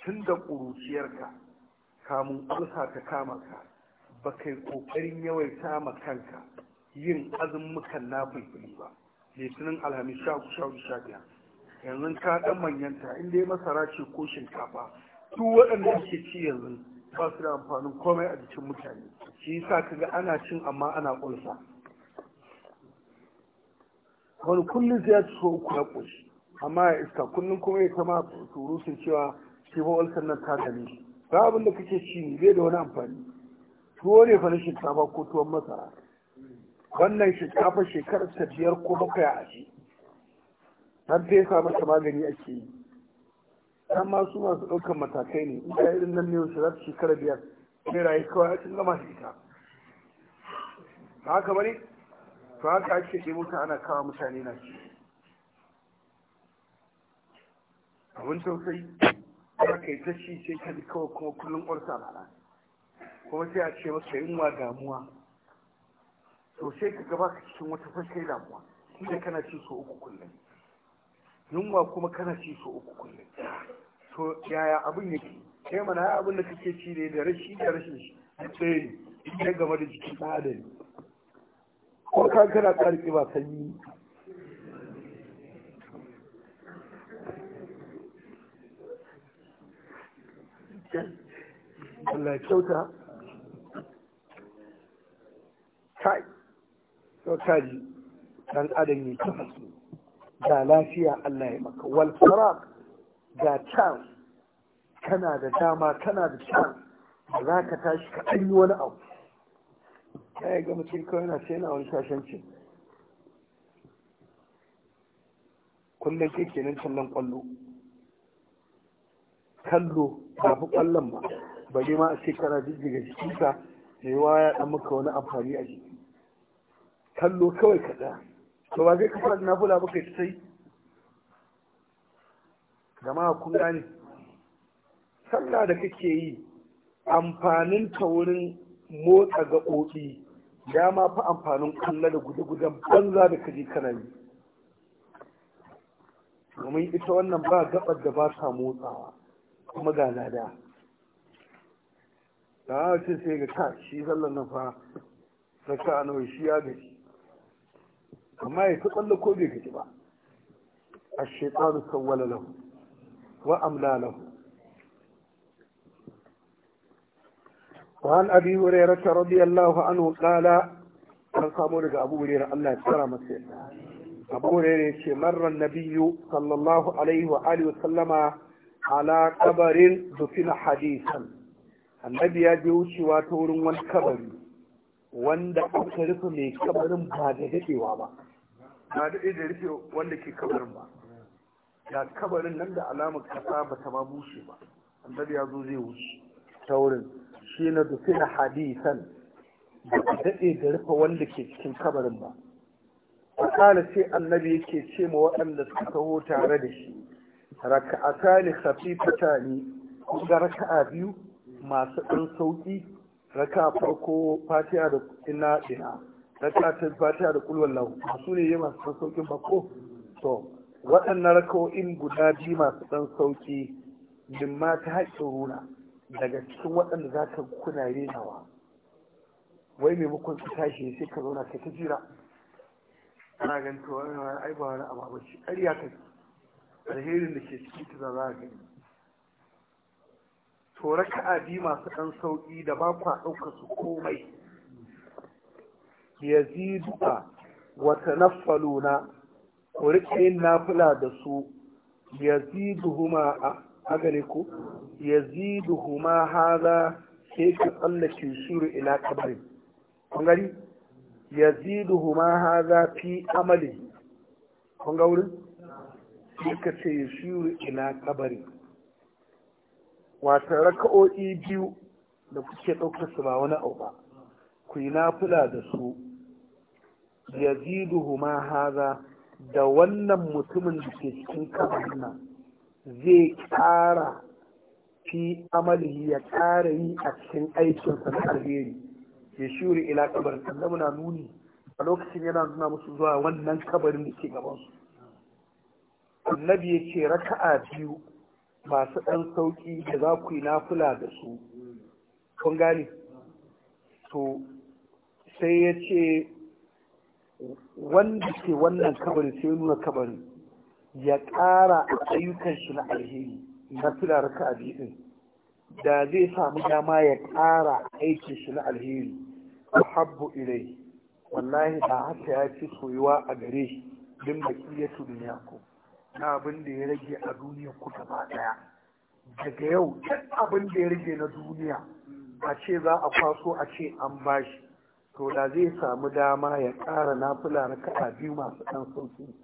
tun da ƙuruciyarka kamun ƙusa ta kama ka ba kai ƙoƙarin yawaita ma kanka yin azummukan na fulfuli ba litinin alhamis sha ku sha sha yanzu ka ɗan manyanta inda ya masara ce ko shinkafa duk waɗanda ake ci yanzu ba su da amfanin komai a jikin mutane shi sa kaga ana cin amma ana kulsa wani kullum zai ci so uku na amma ya iska kullum kuma ya kama turu sun cewa shi ba ulsar ta gani ba abin da kake ci ne bai da wani amfani tuwo ne fa na shinkafa ko tuwon masara wannan shinkafa shekarar ta biyar ko bakwai a aji har ya sa masa magani ake yi amma su masu ɗaukar matakai ne ita irin nan ne wasu za shekara biyar sai rayu kawai sun gama su ita ba haka bane to haka ake ce mutu ana kawo mutane na ci abin tausayi kuma ka yi ta ci sai ka ji kawai kuma kullum ƙwarsa rana kuma sai a ce maka yin wa damuwa to sai ka gaba ka cikin wata fashe damuwa tunda kana ci so uku kullum yunwa kuma kana ci so uku kullum to yaya abin yake kai mana ya abin da kake ci ne da rashi da rashin shi a tsaye ne da jikin ɗan ko ka kana ƙarfi ba sanyi Allah kyauta kai kyauta kaji dan adam ne ta da lafiya Allah ya maka wal faraq ga chance kana da dama kana da can da za ka tashi ka ɗanyi wani abu ta yi gama cikin kawai na sai na wani shashancin kullum ke kenan kallon kwallo kallo ba fi kwallon ba bari ma a shekara jijjiga jikinka da yawa ya ɗan maka wani amfani a jiki kallo kawai kaɗa to ba zai kafa na fula ba kai sai gama kun gane sallah da kake yi amfanin ta wurin motsa gaɓoɓi ya ma fi amfanin kalla da gudu-gudan banza da kaji kana yi domin ita wannan ba gabar da ba ta motsawa kuma ga lada da a sai ga ta shi sallan na fa na ka nawa shi ya gaji amma ya ta ko bai gaji ba a shekaru sauwala lahu wa amla lahu وعن أبي هريرة رضي الله عنه قال an samo daga abu hurairar Allah ya tsara masa yadda abu hurairar ce marar nabiyu sallallahu alaihi wa sallama ala kabarin dufina hadisan annabi ya je wucewa ta wurin wani kabari wanda aka rufe mai kabarin ba da daɗewa ba ba da da rufe wanda ke kabarin ba da kabarin nan da alamar kasa ba ta ma bushe ba annabi ya zo zai wuce ta wurin shi na dufina hadisan ba a daɗe da rufe wanda ke cikin kabarin ba Fakala sai annabi yake ce ma waɗanda suka taho tare da shi Raka raka'a ne khafifata ne ga a biyu masu ɗan sauƙi raka farko fatiha da ina ina raka ta fatiha da kulwan lahu su ne yi masu ɗan sauƙin ba ko to waɗannan raka'o'in guda biyu masu ɗan sauƙi limma ta haƙƙin runa daga cikin waɗanda za ka kuna renawa wai maimakon su tashi sai ka zauna ka ta jira ana ganta wani ai ba wani abu ba ce ƙarya ta alherin da ke cikin ta za a gani to raka'a biyu masu ɗan sauƙi da ba kwa ɗaukar su komai ya duka wata nafaluna ku riƙe yin da su ya duhuma a haka ne ko yaziduhuma hadha sai ka tsallake shiru ila kabrin kun gari huma haza fi amali kun ga wurin sai ka ce shiru ila kabrin wata raka'o'i biyu da kuke ɗaukar su ba wani abu ba ku yi nafila da su huma haza, da wannan mutumin da ke cikin kabarin nan zai ƙara fi amalihi ya kara yi a cikin aikinsa na alheri ya shuri ila kabarin sannan na nuni a lokacin yana nuna musu zuwa wannan kabarin da ke gabansu annabi ya ce raka'a biyu masu ɗan sauƙi da za ku yi nafula da su kun gane to sai ya ce wanda ke wannan kabarin sai nuna kabarin ya ƙara ayyukan shi na alheri na fila raka a ɗin da zai samu dama ya ƙara aikin shi na alheri ko habbu irai wallahi da haka ya fi soyuwa a gare shi din bakiyatu ya ko na abin da ya rage a duniya ku gaba daya daga yau duk abin da ya rage na duniya a ce za a kwaso a ce an bashi to da zai samu dama ya ƙara na nafila a biyu masu ɗan sauƙi.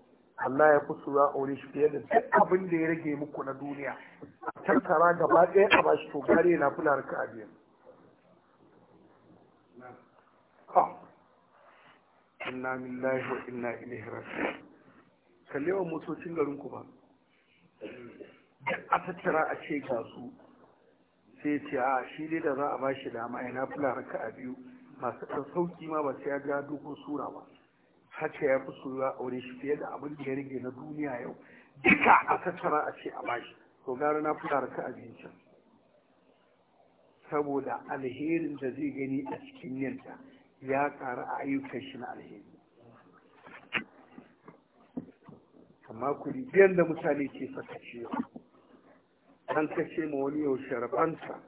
Allah ya fi ya aure shi fiye da duk abin da ya rage muku na duniya tattara gaba ɗaya a bashi to gare na fular ka a biyar. inna lillahi wa inna ilaihi raji'un kalle wa motocin garin ku ba a tattara a ce ga su sai ce a shi dai da za a bashi dama na fular ka a biyu masu ɗan sauƙi ma ba sai ya ga dogon sura ba sace ya fi soyuwa a wurin shi fiye da abin da ya rage na duniya yau duka a tattara a ce a bashi to gara na fi ka abincin saboda alherin da zai gani a cikin yanta ya ƙara a ayyukan shi na alheri amma ku biyan da mutane ke sakace an kashe ma wani yau sharafansa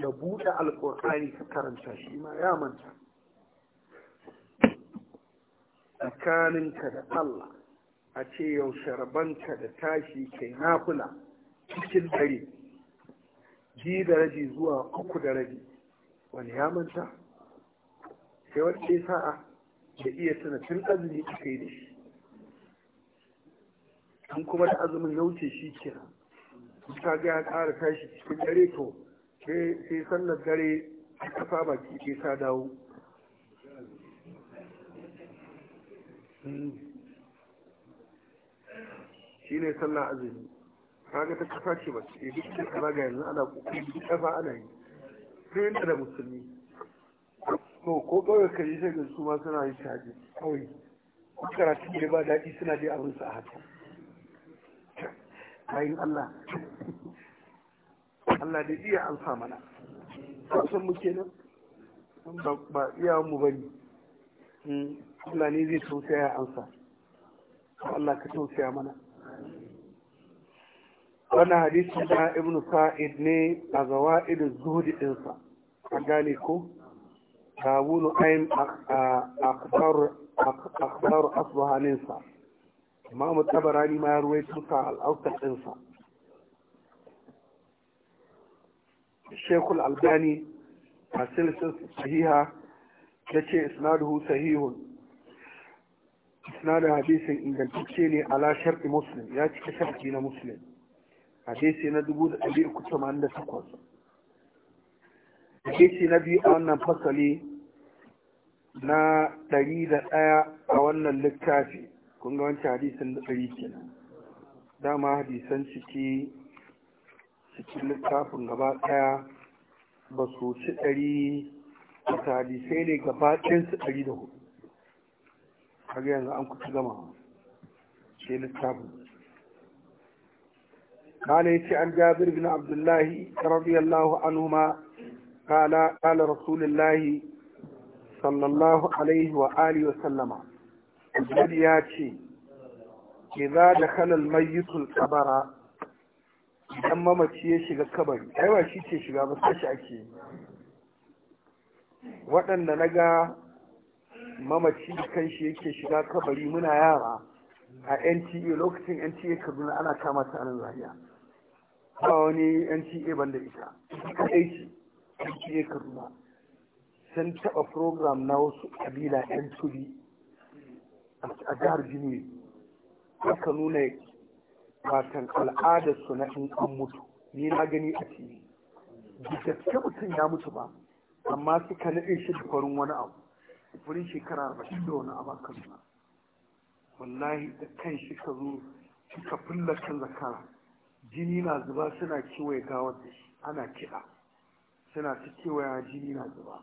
da buɗe alƙur'ani ka karanta shi ma ya manta tsakaninka da Allah a ce yau sharbanka da tashi kai kula cikin dare ji da rabi zuwa uku da rabi wani ya manta sai wacce sa'a da iya tuna tun azumi aka kai da shi Tun kuma da azumin ya wuce shi kira ta ga ya ƙara tashi cikin dare to sai sannan dare ta kafa baki ke ta dawo shi ne sallah azumi kaga ta kafa ce ba ce eh, duk da kaza ga yanzu ana kokari duk kafa ana yi sai yana da musulmi to ko kawai ka yi sai ga su ma suna yi shaji kawai ko karatu ne ba daɗi suna dai abin su a haka bayin Allah Allah da iya an sa mana san muke nan? ba iya mu bane hmm. Allah ne zai tausaya ya amsa Allah ka tausaya mana wannan hadisi na ibn sa'id ne a zawa zawa'id zuhudi ɗinsa a gane ko kawunu ayin amma mu imamu rani ma ya ruwaito al'aukar ɗinsa. shekul albani a silsin sahiha ya ce isnaduhu sahihun isnadin hadisin ingantacce ne ala sharti muslim ya cika sharti na muslim hadisi na dubu da ɗari uku tamanin da takwas hadisi na biyu a wannan fasali na ɗari da ɗaya a wannan littafi kun ga wancan hadisin da ɗari kenan dama hadisan ciki cikin littafin gaba ɗaya ba su ci ɗari a hadisai ne gaba ɗayan su ɗari da hudu har yanzu an kusa gama ce littafin kala yace an jabir bin abdullahi radiyallahu anhu ma kala rasulullahi sallallahu alaihi wa alihi wa sallama jabir ya ce ke za da kanan mayyukul kabara idan mamaci ya shiga kabari aiwa shi ce shiga ba sashi ake waɗanda na ga mamaci kan shi yake shiga kabari muna yara a nta lokacin nta kaduna ana kama ta nan zaria ba wani nta banda ita kadai ce nta kaduna sun taɓa program na wasu ƙabila yan turi a jihar jini aka nuna watan al'adarsu na in an mutu ni na gani a tv da gaske mutum ya mutu ba amma suka naɗe shi da farin wani abu wurin shekara shi da wani abu ba. wallahi da kan shi ka zo suka fulla kan zakara jini na zuba suna kewaye gawar da shi ana kiɗa suna ta kewaya jini na zuba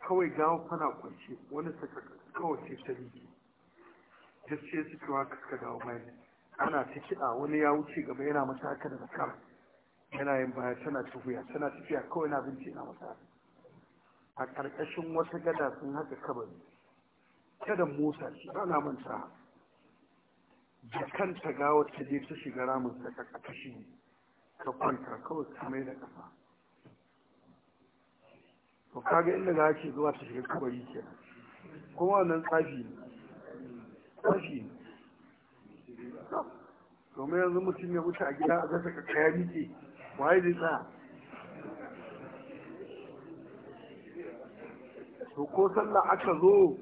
kawai gawar fana kwance wani suka kawace ta rike gaskiya suke wa kaka dawo bayan ana ta kiɗa wani ya wuce gaba yana mata haka da zakara yana yin baya tana tafiya tana tafiya kawai na bincina yana mata haka a ƙarƙashin wata gada sun haka kabari kada mota shi ana manta Jikan ta gawa ta je ta shiga ramin ta ka kashi ka kwanta kawai ka mai da ƙasa to kaga inda za ce zuwa ta shiga kabari ke kuma wannan tsafi ne tsafi ne domin yanzu mutum ya wuce a gida a zata ka kaya miƙe waye zai tsaya to ko sallah aka zo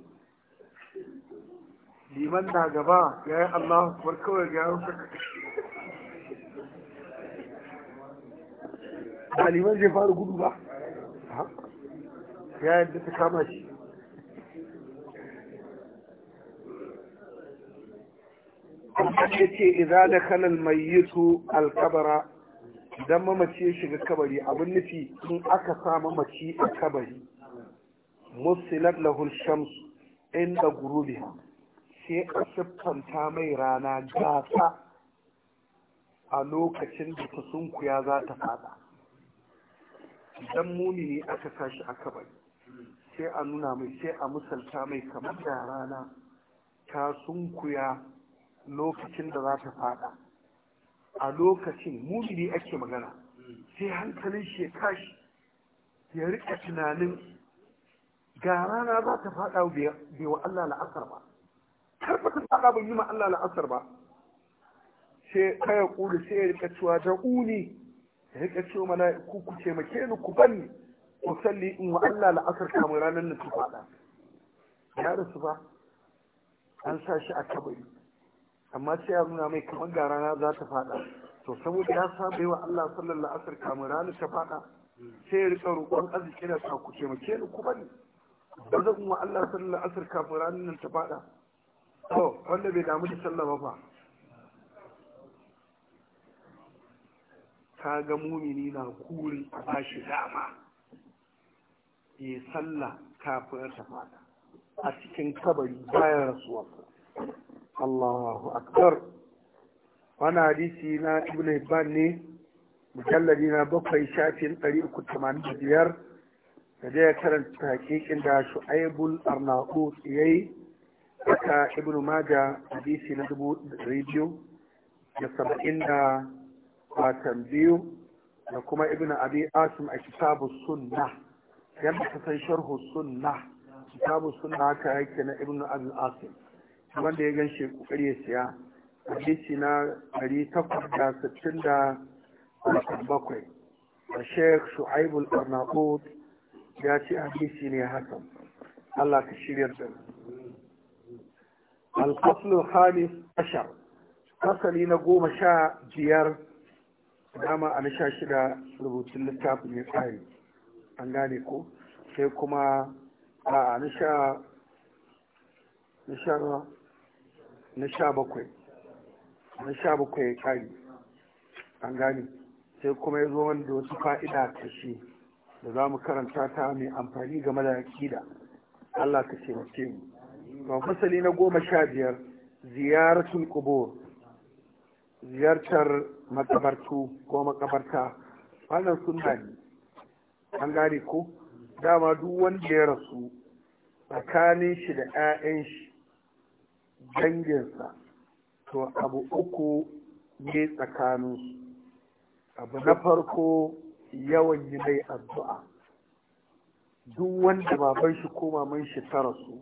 liman na gaba ya yi Allah bar kawai ga yawon saka ba liman zai fara gudu ba ya yadda ta kama shi ya ce idan da kanal mai su alkabara idan mamaci ya shiga kabari abin nufi in aka sa mamaci a kabari musilat lahul shams inda gurubiha sai a siffanta mai rana gasa a lokacin da ta sunkuya za ta fada idan ne aka tashi a kabari sai a nuna mai sai a misalta mai kamar da rana ta sunkuya lokacin da za ta fada a lokacin muni ne ake magana sai hankalin shi ya tashi ya rika tunanin ga rana za ta faɗa bai wa Allah la'asar ba har ba ta faɗa bai yi ma Allah la'asar ba sai kaya kuli sai ya rika cewa da uni ya rika cewa mana ku ku ce ni ku banni ku salli in wa Allah la'asar kamar ranar nan ta faɗa ya rasu ba an sa shi a kabari amma sai ya nuna mai kamar ga rana za ta faɗa to saboda ya saba wa Allah sallallahu alaihi wasallam kamar ranar ta faɗa sai ya rika roƙon arziki da ku ce make ni ku banni ba zan kuma Allah sallar asar kafin ranar nan ta fada to wanda bai damu da sallah ba fa ka ga mumini na kuri a bashi dama ya sallah kafin ta fada a cikin kabari bayan rasuwa Allahu akbar wani hadisi na ibn Hibban ne mujalladi na bakwai shafin 385 da dai karanta hakikin da shu'aibul arnaut yayi haka ibn maja hadisi na dubu biyu da saba'in da watan biyu da kuma ibn abi asim a kitabu sunna Yan ka san sharhu sunna kitabu sunna haka yake na ibn abi asim wanda ya gan shi ya siya hadisi na ɗari takwas da sittin da bakwai da sheikh shu'aibul arnaut ya ce hadisi ne hakan Allah ka shirya da al-faslu khamis ashar fasali na goma sha biyar dama a na sha shida rubutun littafin ya tsari an gane ko sai kuma a na sha na sha bakwai na sha bakwai ya tsari an gane sai kuma ya zo wanda wasu fa'ida ta shi da za mu karanta ta mai amfani ga malaki da Allah ka ce taimake mu to fasali na goma sha biyar ziyaratul qubur ziyartar makabartu ko makabarta wannan sun ne an gane ko dama duk wanda ya rasu tsakanin shi da 'ya'yan shi danginsa to abu uku ne tsakaninsu abu na farko yawan yi mai addu'a duk wanda baban shi koma maman shi ta rasu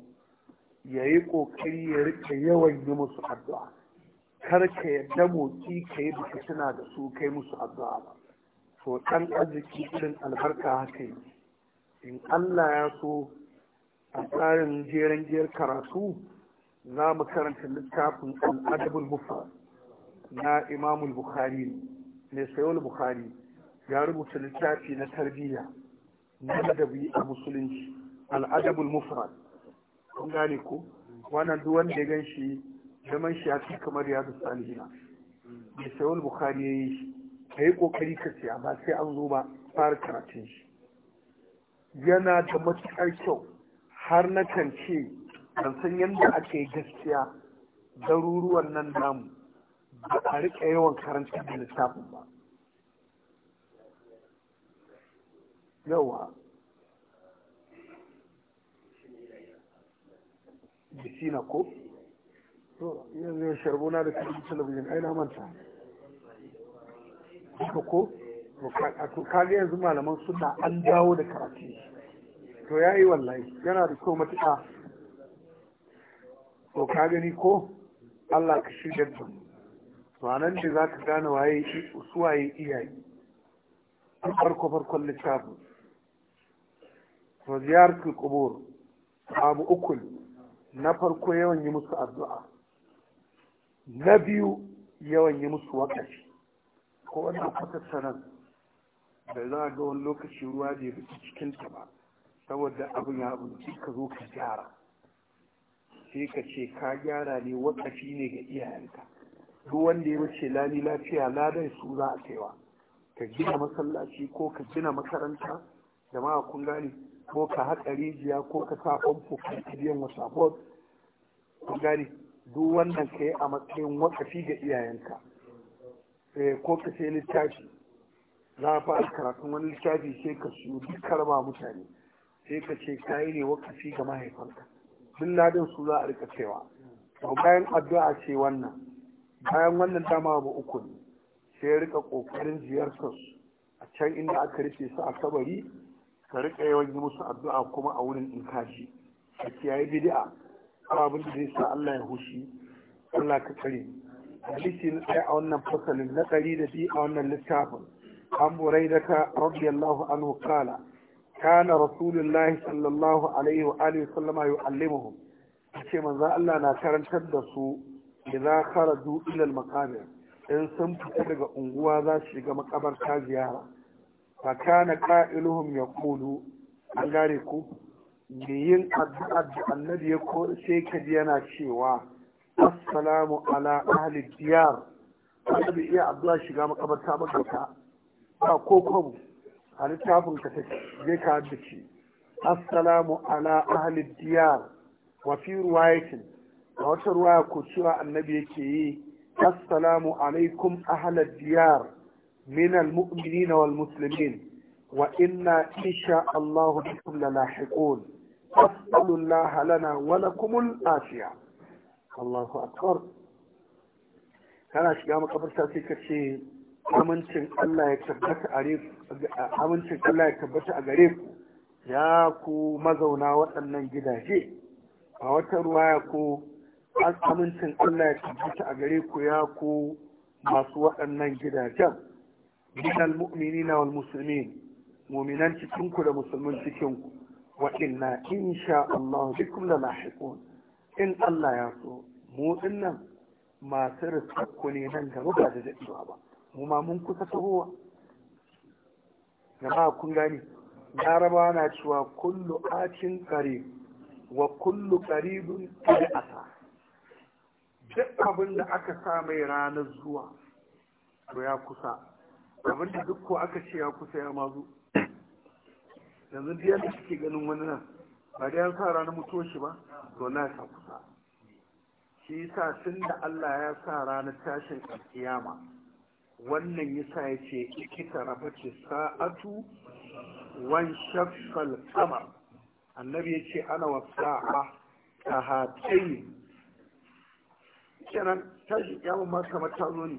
ya yi ƙoƙari ya rika yawan yi musu addu'a kar ka yadda motsi ka yi baka tuna da su kai musu addu'a ba to ɗan arziki irin albarka haka yi in Allah ya so a tsarin jeren jiyar karatu za mu karanta littafin al'adabul mufa na imamul bukhari ne sayo bukhari ya rubuta littafi na tarbiyya na adabi a musulunci al'adabul mufrad kun gane ko wannan duk wanda ya gan shi zaman shi ya cikin kamar ya zuwa alhina mai sayon bukari ya yi shi ka yi kokari ka siya ba sai an zo ba fara karatun shi yana da matuƙar kyau har na kan ce ban san yadda ake gaskiya daruruwan nan namu ba a riƙa yawan karanta da littafin ba yawa bisina ko to yanzu ya na da cikin talabijin aina manta haka ko to kage yanzu malaman suna an dawo da karatu to ya yi wallahi yana da kyau matuƙa to ka gani ko Allah ka shirya da mu to nan da za ka gane waye su waye iyaye farko farkon littafin to ziyaratul qubur abu ukul na farko yawan yi musu addu'a na biyu yawan yi musu wakashi ko wannan kwatar nan da za a ga wani lokaci ruwa bai bi cikin ta ba saboda abin ya abu ka zo ka gyara sai ka ce ka gyara ne wakashi ne ga iyayenka duk wanda ya wuce lami lafiya ladan su za a kaiwa ka gina masallaci ko ka gina makaranta jama'a kun gane ko ka haƙa rijiya ko ka sa famfo ka biyan wasa bot gari duk wannan ka yi a matsayin wakafi ga iyayenka eh, ko ka sai littafi za a fara karatun wani littafi sai ka siyo duk karama mutane sai ka ce ka yi ne wakafi ga mahaifanka duk ladin su za a rika cewa to bayan addu'a ce wannan bayan wannan dama ba uku ne sai rika ƙoƙarin ziyartar su a can inda aka rufe su a kabari ka rika yawan yi musu addu'a kuma a wurin in kashi a kiyaye bid'a abin da zai sa Allah ya hushi Allah ka kare hadisi na ɗaya a wannan fasalin na ɗari da biyu a wannan littafin an burai da ka radiyallahu anhu kala kana rasulullahi sallallahu alaihi wa alihi sallama yu'allimuhum ce manzo Allah na karantar da su idza kharaju ila al-maqabir in sun fita daga unguwa za su shiga makabarta ziyara fa kana yaqulu an gare ku me yin addu'a da annabi ya ko sai ka yana cewa assalamu ala ahli diyar annabi iya addu'a shiga makabarta magauta ba ko kwabu a littafin ka take zai ka haddace assalamu ala ahli diyar wa fi ruwayatin a wata ruwaya ko cewa annabi yake yi assalamu alaikum ahli diyar من المؤمنين والمسلمين وإنا إن شاء الله بكم للاحقون أسأل الله لنا ولكم الآفية الله أكبر kana shiga makabarta sai ka ce amincin Allah amincin Allah ya tabbata a gare ku ya ku mazauna waɗannan gidaje a wata ruwaya ko amincin Allah ya tabbata a gare ku ya ku masu waɗannan gidajen min almu'minina wal muslimin mu'minan cikin ku da musulmin cikinku. ku wa inna insha Allah in Allah ya so mu dinnan masu rizqu ne nan gaba ba da daɗewa ba mu ma mun kusa tahowa jama'a kun gani laraba na cewa kullu acin qarib wa kullu qaribun qad'asa duk abin da aka sa mai ranar zuwa to ya kusa abin da duk ko aka ce ya kusa ya mazu yanzu da yadda suke ganin wani nan ba da yansa sa ranar mutuwa shi ba to na ta kusa shi yasa tun da Allah ya sa ranar tashin alkiyama wannan sa ya ce ikita rabace sa'atu wan shafal kamar annabi ya ce ana wa sa'a ta hatsayi kenan tashin kiyama ma kamar ta zo ne